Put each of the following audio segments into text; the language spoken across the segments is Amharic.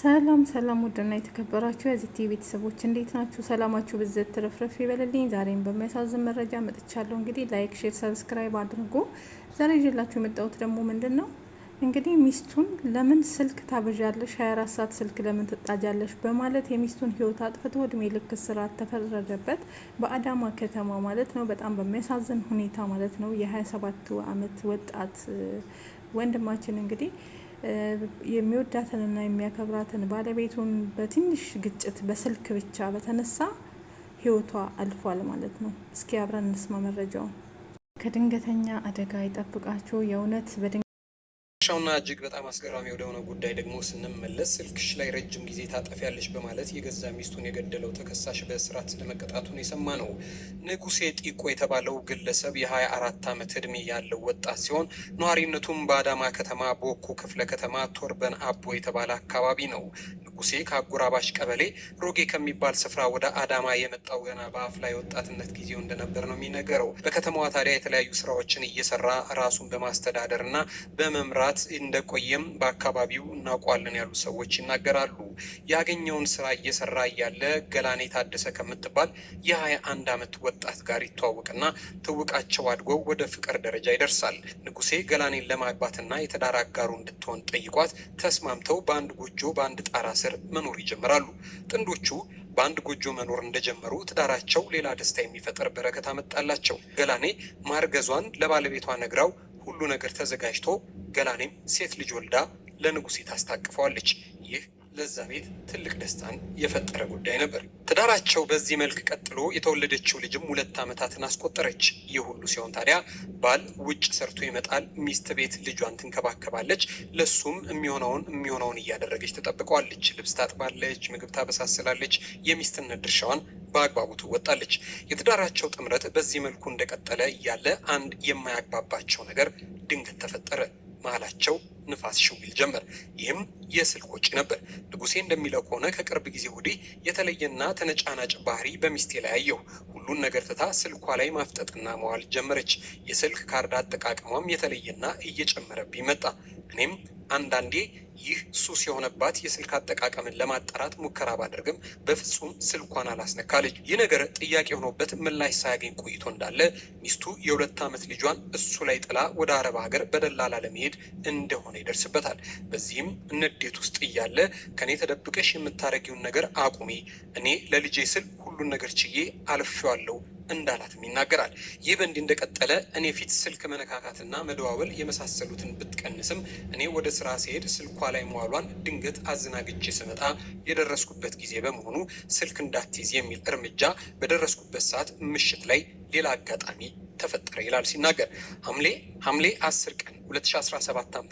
ሰላም ሰላም፣ ውድና የተከበራችሁ የዚህ ቲቪ ቤተሰቦች እንዴት ናችሁ? ሰላማችሁ ብዘት ትረፍረፍ ይበልልኝ። ዛሬም በሚያሳዝን መረጃ መጥቻለሁ። እንግዲህ ላይክ፣ ሼር፣ ሰብስክራይብ አድርጎ ዛሬ ይዤላችሁ የመጣሁት ደግሞ ምንድን ነው እንግዲህ ሚስቱን ለምን ስልክ ታበዣለሽ? 24 ሰዓት ስልክ ለምን ትጣጃለሽ? በማለት የሚስቱን ህይወት አጥፍቶ እድሜ ልክ እስራት ተፈረደበት። በአዳማ ከተማ ማለት ነው። በጣም በሚያሳዝን ሁኔታ ማለት ነው። የ27 አመት ወጣት ወንድማችን እንግዲህ የሚወዳትንና የሚያከብራትን ባለቤቱን በትንሽ ግጭት በስልክ ብቻ በተነሳ ህይወቷ አልፏል ማለት ነው። እስኪ አብረን እንስማ መረጃውን። ከድንገተኛ አደጋ ይጠብቃችሁ። የእውነት ሻውና እጅግ በጣም አስገራሚ ወደሆነ ጉዳይ ደግሞ ስንመለስ ስልክሽ ላይ ረጅም ጊዜ ታጠፊያለሽ በማለት የገዛ ሚስቱን የገደለው ተከሳሽ በእስራት ለመቀጣቱን የሰማ ነው። ንጉሴ ጢቆ የተባለው ግለሰብ የ24 ዓመት እድሜ ያለው ወጣት ሲሆን ነዋሪነቱም በአዳማ ከተማ ቦኩ ክፍለ ከተማ ቶርበን አቦ የተባለ አካባቢ ነው። ንጉሴ ከአጎራባሽ ቀበሌ ሮጌ ከሚባል ስፍራ ወደ አዳማ የመጣው ገና በአፍ ላይ ወጣትነት ጊዜው እንደነበር ነው የሚነገረው። በከተማዋ ታዲያ የተለያዩ ስራዎችን እየሰራ ራሱን በማስተዳደር እና በመምራት እንደቆየም በአካባቢው እናውቋለን ያሉ ሰዎች ይናገራሉ። ያገኘውን ስራ እየሰራ እያለ ገላኔ ታደሰ ከምትባል የ አንድ ዓመት ወጣት ጋር ይተዋወቅና ትውቃቸው አድጎ ወደ ፍቅር ደረጃ ይደርሳል። ንጉሴ ገላኔን ለማግባትና የተዳራ አጋሩ እንድትሆን ጠይቋት ተስማምተው በአንድ ጎጆ በአንድ ጣራ ስር መኖር ይጀምራሉ። ጥንዶቹ በአንድ ጎጆ መኖር እንደጀመሩ ትዳራቸው ሌላ ደስታ የሚፈጥር በረከት አመጣላቸው። ገላኔ ማርገዟን ለባለቤቷ ነግራው ሁሉ ነገር ተዘጋጅቶ ገላኔም ሴት ልጅ ወልዳ ለንጉሴ ታስታቅፈዋለች። ይህ ለዛ ቤት ትልቅ ደስታን የፈጠረ ጉዳይ ነበር። ትዳራቸው በዚህ መልክ ቀጥሎ የተወለደችው ልጅም ሁለት ዓመታትን አስቆጠረች። ይህ ሁሉ ሲሆን ታዲያ ባል ውጭ ሰርቶ ይመጣል፣ ሚስት ቤት ልጇን ትንከባከባለች። ለሱም የሚሆነውን የሚሆነውን እያደረገች ትጠብቀዋለች። ልብስ ታጥባለች፣ ምግብ ታበሳስላለች፣ የሚስትነት ድርሻዋን በአግባቡ ትወጣለች። የትዳራቸው ጥምረት በዚህ መልኩ እንደቀጠለ እያለ አንድ የማያግባባቸው ነገር ድንገት ተፈጠረ። መሀላቸው ንፋስ ሽውል ጀመር። ይህም የስልክ ወጪ ነበር። ንጉሴ እንደሚለው ከሆነ ከቅርብ ጊዜ ወዲህ የተለየና ተነጫናጭ ባህሪ በሚስቴ ላይ አየሁ። ሁሉን ነገር ትታ ስልኳ ላይ ማፍጠጥና መዋል ጀመረች። የስልክ ካርድ አጠቃቀሟም የተለየና እየጨመረብኝ መጣ። እኔም አንዳንዴ ይህ ሱስ የሆነባት የስልክ አጠቃቀምን ለማጣራት ሙከራ ባደርግም በፍጹም ስልኳን አላስነካለች። ይህ ነገር ጥያቄ ሆኖበት ምላሽ ሳያገኝ ቆይቶ እንዳለ ሚስቱ የሁለት ዓመት ልጇን እሱ ላይ ጥላ ወደ አረብ ሀገር በደላላ ለመሄድ እንደሆነ ይደርስበታል። በዚህም ንዴት ውስጥ እያለ ከኔ ተደብቀሽ የምታደርጊውን ነገር አቁሚ፣ እኔ ለልጄ ስል ሁሉን ነገር ችዬ አልፌዋለሁ እንዳላትም ይናገራል። ይህ በእንዲህ እንደቀጠለ እኔ ፊት ስልክ መነካካትና መደዋወል የመሳሰሉትን ብትቀንስም እኔ ወደ ስራ ሲሄድ ስልኳ ላይ መዋሏን ድንገት አዘናግቼ ስመጣ የደረስኩበት ጊዜ በመሆኑ ስልክ እንዳትይዝ የሚል እርምጃ በደረስኩበት ሰዓት ምሽት ላይ ሌላ አጋጣሚ ተፈጠረ ይላል ሲናገር ሐምሌ ሐምሌ አስር ቀን 2017 ዓ.ም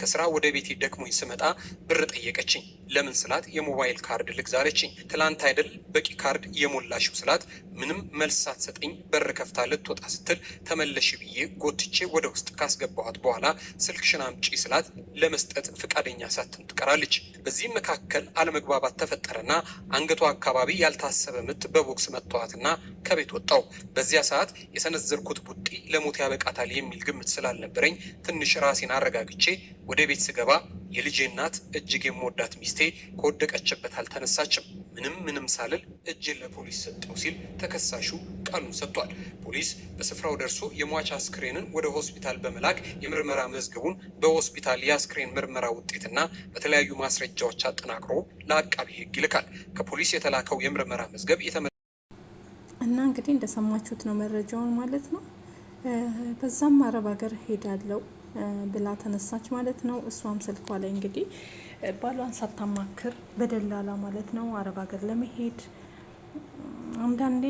ከስራ ወደ ቤቴ ደክሞኝ ስመጣ ብር ጠየቀችኝ። ለምን ስላት የሞባይል ካርድ ልግዛ ትላንት አይደል በቂ ካርድ የሞላሽው ስላት ምንም መልስ ሳትሰጠኝ በር ከፍታ ልትወጣ ስትል ተመለሽ ብዬ ጎትቼ ወደ ውስጥ ካስገባኋት በኋላ ስልክሽን አምጪ ስላት ለመስጠት ፈቃደኛ ሳትን ትቀራለች። በዚህም መካከል አለመግባባት ተፈጠረና አንገቷ አካባቢ ያልታሰበ ምት በቦክስ መጥተዋትና ከቤት ወጣው። በዚያ ሰዓት የሰነዘርኩት ቡጢ ለሞት ያበቃታል የሚል ግምት ስላልነበረኝ ትንሽ ራሴን አረጋግቼ ወደ ቤት ስገባ የልጄ እናት እጅግ የምወዳት ሚስቴ ከወደቀችበት አልተነሳችም። ምንም ምንም ሳልል እጄን ለፖሊስ ሰጠው ሲል ተከሳሹ ቃሉን ሰጥቷል። ፖሊስ በስፍራው ደርሶ የሟች አስክሬንን ወደ ሆስፒታል በመላክ የምርመራ መዝገቡን በሆስፒታል የአስክሬን ምርመራ ውጤትና በተለያዩ ማስረጃዎች አጠናቅሮ ለአቃቢ ሕግ ይልካል። ከፖሊስ የተላከው የምርመራ መዝገብ እና እንግዲህ እንደሰማችሁት ነው መረጃውን ማለት ነው። በዛም አረብ ሀገር ሄዳለው ብላ ተነሳች ማለት ነው። እሷም ስልኳ ላይ እንግዲህ ባሏን ሳታማክር በደላላ ማለት ነው አረብ ሀገር ለመሄድ አንዳንዴ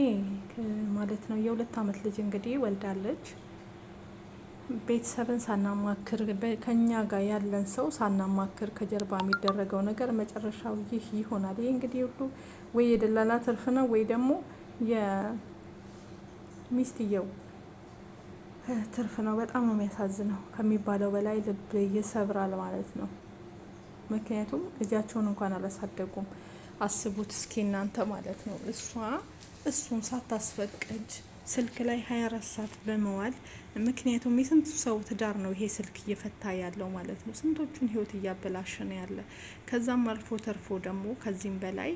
ማለት ነው የሁለት አመት ልጅ እንግዲህ ወልዳለች። ቤተሰብን ሳናማክር ከኛ ጋር ያለን ሰው ሳናማክር ከጀርባ የሚደረገው ነገር መጨረሻው ይህ ይሆናል። ይህ እንግዲህ ሁሉ ወይ የደላላ ትርፍ ነው ወይ ደግሞ የሚስትየው ትርፍ ነው። በጣም ነው የሚያሳዝነው ከሚባለው በላይ ልብ ይሰብራል ማለት ነው። ምክንያቱም ልጃቸውን እንኳን አላሳደጉም። አስቡት እስኪ እናንተ ማለት ነው። እሷ እሱን ሳታስፈቅድ ስልክ ላይ 24 ሰዓት በመዋል ምክንያቱም የስንት ሰው ትዳር ነው ይሄ ስልክ እየፈታ ያለው ማለት ነው። ስንቶቹን ህይወት እያበላሸ ነው ያለ። ከዛም አልፎ ተርፎ ደግሞ ከዚህም በላይ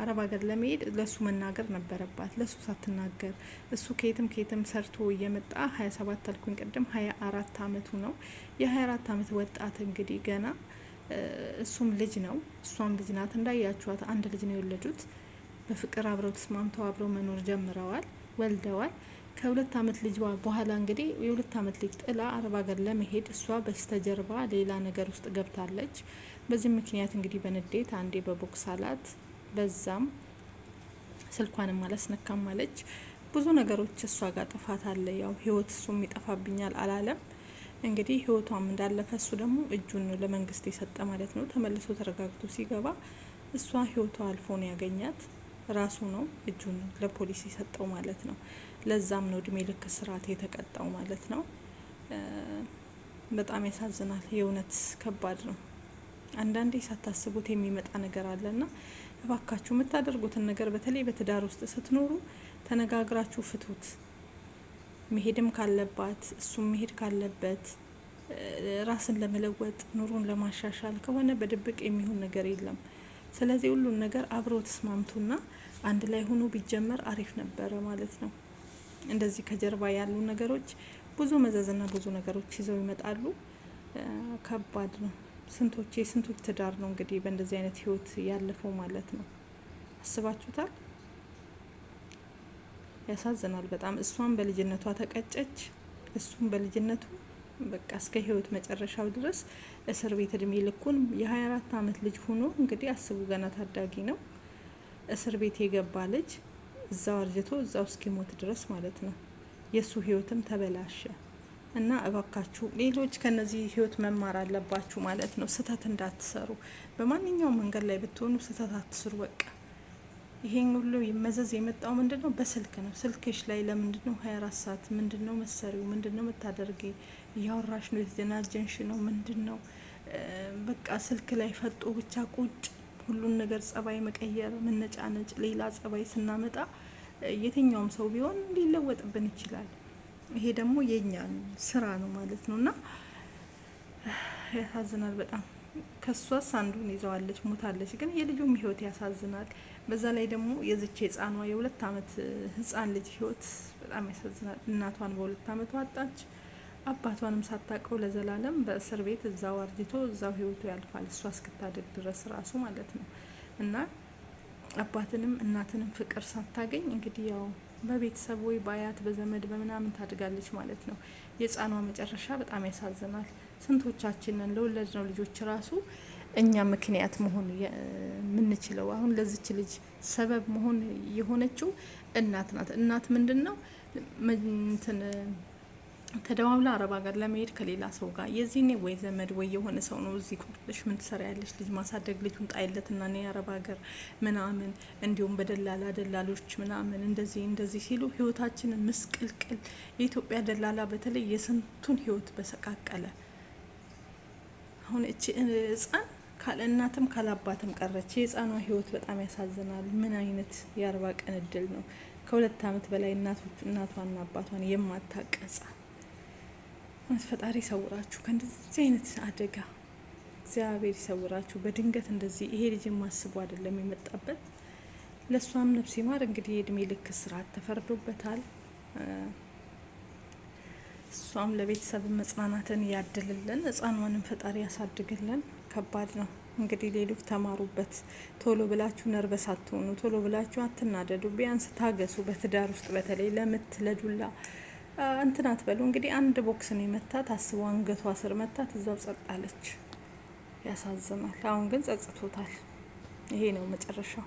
አረብ ሀገር ለመሄድ ለሱ መናገር ነበረባት። ለሱ ሳትናገር እሱ ከየትም ከየትም ሰርቶ እየመጣ ሀያ ሰባት አልኩኝ ቅድም ሀያ አራት አመቱ ነው። የሀያ አራት አመት ወጣት እንግዲህ ገና እሱም ልጅ ነው፣ እሷም ልጅ ናት። እንዳያችኋት አንድ ልጅ ነው የወለዱት። በፍቅር አብረው ተስማምተው አብረው መኖር ጀምረዋል፣ ወልደዋል። ከሁለት አመት ልጅ በኋላ እንግዲህ የሁለት አመት ልጅ ጥላ አረብ ሀገር ለመሄድ እሷ በስተጀርባ ሌላ ነገር ውስጥ ገብታለች። በዚህ ምክንያት እንግዲህ በንዴት አንዴ በቦክስ አላት። በዛም ስልኳንም አላስነካም አለች። ብዙ ነገሮች እሷ ጋር ጥፋት አለ። ያው ህይወት እሱም ይጠፋብኛል አላለም። እንግዲህ ህይወቷም እንዳለፈ እሱ ደግሞ እጁን ለመንግስት የሰጠ ማለት ነው። ተመልሶ ተረጋግቶ ሲገባ እሷ ህይወቷ አልፎ ነው ያገኛት። ራሱ ነው እጁን ለፖሊስ የሰጠው ማለት ነው። ለዛም ነው እድሜ ልክ ስርዓት የተቀጣው ማለት ነው። በጣም ያሳዝናል። የእውነት ከባድ ነው። አንዳንዴ ሳታስቡት የሚመጣ ነገር አለና እባካችሁ የምታደርጉትን ነገር በተለይ በትዳር ውስጥ ስትኖሩ ተነጋግራችሁ ፍቱት። መሄድም ካለባት እሱም መሄድ ካለበት ራስን ለመለወጥ ኑሮን ለማሻሻል ከሆነ በድብቅ የሚሆን ነገር የለም። ስለዚህ ሁሉን ነገር አብሮ ተስማምቱና አንድ ላይ ሆኖ ቢጀመር አሪፍ ነበረ ማለት ነው። እንደዚህ ከጀርባ ያሉ ነገሮች ብዙ መዘዝና ብዙ ነገሮች ይዘው ይመጣሉ። ከባድ ነው። ስንቶች የስንቶች ትዳር ነው እንግዲህ በእንደዚህ አይነት ህይወት ያለፈው ማለት ነው። አስባችሁታል? ያሳዝናል በጣም። እሷን በልጅነቷ ተቀጨች፣ እሱም በልጅነቱ በቃ እስከ ህይወት መጨረሻው ድረስ እስር ቤት እድሜ ልኩን የሀያ አራት አመት ልጅ ሆኖ እንግዲህ አስቡ፣ ገና ታዳጊ ነው። እስር ቤት የገባ ልጅ እዛው አርጅቶ እዛው እስኪሞት ድረስ ማለት ነው። የእሱ ህይወትም ተበላሸ። እና እባካችሁ ሌሎች ከነዚህ ህይወት መማር አለባችሁ ማለት ነው። ስህተት እንዳትሰሩ በማንኛውም መንገድ ላይ ብትሆኑ ስህተት አትስሩ። በቃ ይሄን ሁሉ መዘዝ የመጣው ምንድን ነው? በስልክ ነው። ስልክሽ ላይ ለምንድን ነው ሀያ አራት ሰዓት ምንድን ነው መሰሪው? ምንድን ነው መታደርጊ? እያወራሽ ነው? የተደናጀንሽ ነው? ምንድን ነው በቃ ስልክ ላይ ፈጦ ብቻ ቁጭ ሁሉን ነገር ጸባይ መቀየር፣ መነጫነጭ፣ ሌላ ጸባይ ስናመጣ የትኛውም ሰው ቢሆን ሊለወጥብን ይችላል። ይሄ ደግሞ የእኛ ስራ ነው ማለት ነው እና ያሳዝናል በጣም ከሷስ አንዱን ይዘዋለች ሞታለች። ግን የልጁም ህይወት ያሳዝናል። በዛ ላይ ደግሞ የዝቼ ህጻኗ የሁለት አመት ህጻን ልጅ ህይወት በጣም ያሳዝናል። እናቷን በሁለት አመቱ አጣች። አባቷንም ሳታውቀው ለዘላለም በእስር ቤት እዛው አርጅቶ እዛው ህይወቱ ያልፋል። እሷ እስክታደግ ድረስ ራሱ ማለት ነው እና አባትንም እናትንም ፍቅር ሳታገኝ እንግዲህ ያው በቤተሰብ ወይ በአያት በዘመድ በምናምን ታድጋለች ማለት ነው። የህፃኗ መጨረሻ በጣም ያሳዝናል። ስንቶቻችንን ለወለድነው ልጆች ራሱ እኛ ምክንያት መሆን የምንችለው አሁን ለዚች ልጅ ሰበብ መሆን የሆነችው እናት ናት። እናት ምንድን ነው እንትን ተደዋውላ አረብ ሀገር ለመሄድ ከሌላ ሰው ጋር የዚህኔ ወይ ዘመድ ወይ የሆነ ሰው ነው እዚህ ቁጭ ምን ትሰራ ያለች ልጅ ማሳደግ ልጁን ጣይለት ና ኔ አረብ ሀገር ምናምን እንዲሁም በደላላ ደላሎች ምናምን እንደዚህ እንደዚህ ሲሉ ህይወታችንን ምስቅልቅል የኢትዮጵያ ደላላ በተለይ የስንቱን ህይወት በሰቃቀለ። አሁን እቺ ህፃን ካለ እናትም ቀረች። የህፃኗ ህይወት በጣም ያሳዝናል። ምን አይነት የአርባ ቀን እድል ነው? ከሁለት አመት በላይ እናቶቹ እናቷና አባቷን የማታቀጻ እውነት ፈጣሪ ይሰውራችሁ ከእንደዚህ አይነት አደጋ እግዚአብሔር ይሰውራችሁ። በድንገት እንደዚህ ይሄ ልጅ ማስቡ አይደለም የመጣበት። ለእሷም ነፍስ ይማር እንግዲህ የእድሜ ልክ እስራት ተፈርዶበታል። እሷም ለቤተሰብ መጽናናትን ያድልልን፣ ህፃኗንም ፈጣሪ ያሳድግልን። ከባድ ነው እንግዲህ ሌሎች ተማሩበት። ቶሎ ብላችሁ ነርበስ አትሆኑ፣ ቶሎ ብላችሁ አትናደዱ፣ ቢያንስ ታገሱ። በትዳር ውስጥ በተለይ ለምት ለዱላ እንትናት በሉ እንግዲህ አንድ ቦክስ ነው የመታት። አስበው አንገቷ ስር መታት፣ እዛው ጸጣለች። ያሳዝናል። አሁን ግን ጸጽቶታል። ይሄ ነው መጨረሻው።